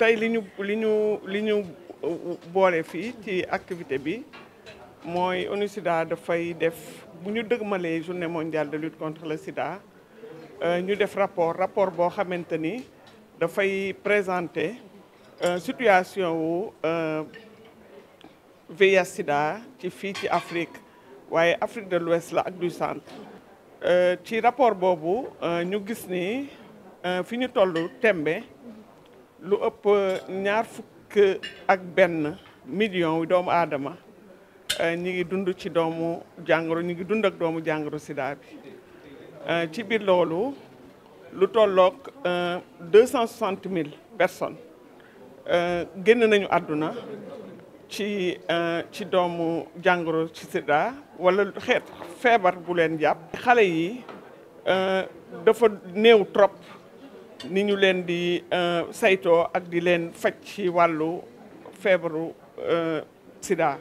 tey li ñu li ñu li ñu boole fii ci activité bi mooy ONU Sida dafay def bu ñu dëgmalee journée mondiale de lutte contre le sida euh, ñu def rapport rapport boo xamante ni dafay présenter euh, situation wu VIH euh, sida ci fii ci Afrique waaye Afrique de l'Ouest la ak du centre ci rapport boobu ñu gis ni fi ñu toll tembe lu ëpp euh, ñaar fukk ak benn million doomu aadama euh, ñi ngi dund ci doomu jàngoro ñi ngi dund ak doomu jàngoro sida bi euh, ci biir loolu lu tolloog deux cent soixante mille personnes génn nañu àdduna ci ci doomu jàngoro ci sida wala xeet feebar bu leen jàpp xale yi dafa néew trop ni ñu leen di euh, sayto ak di leen faj ci wàllu feebaru euh, sida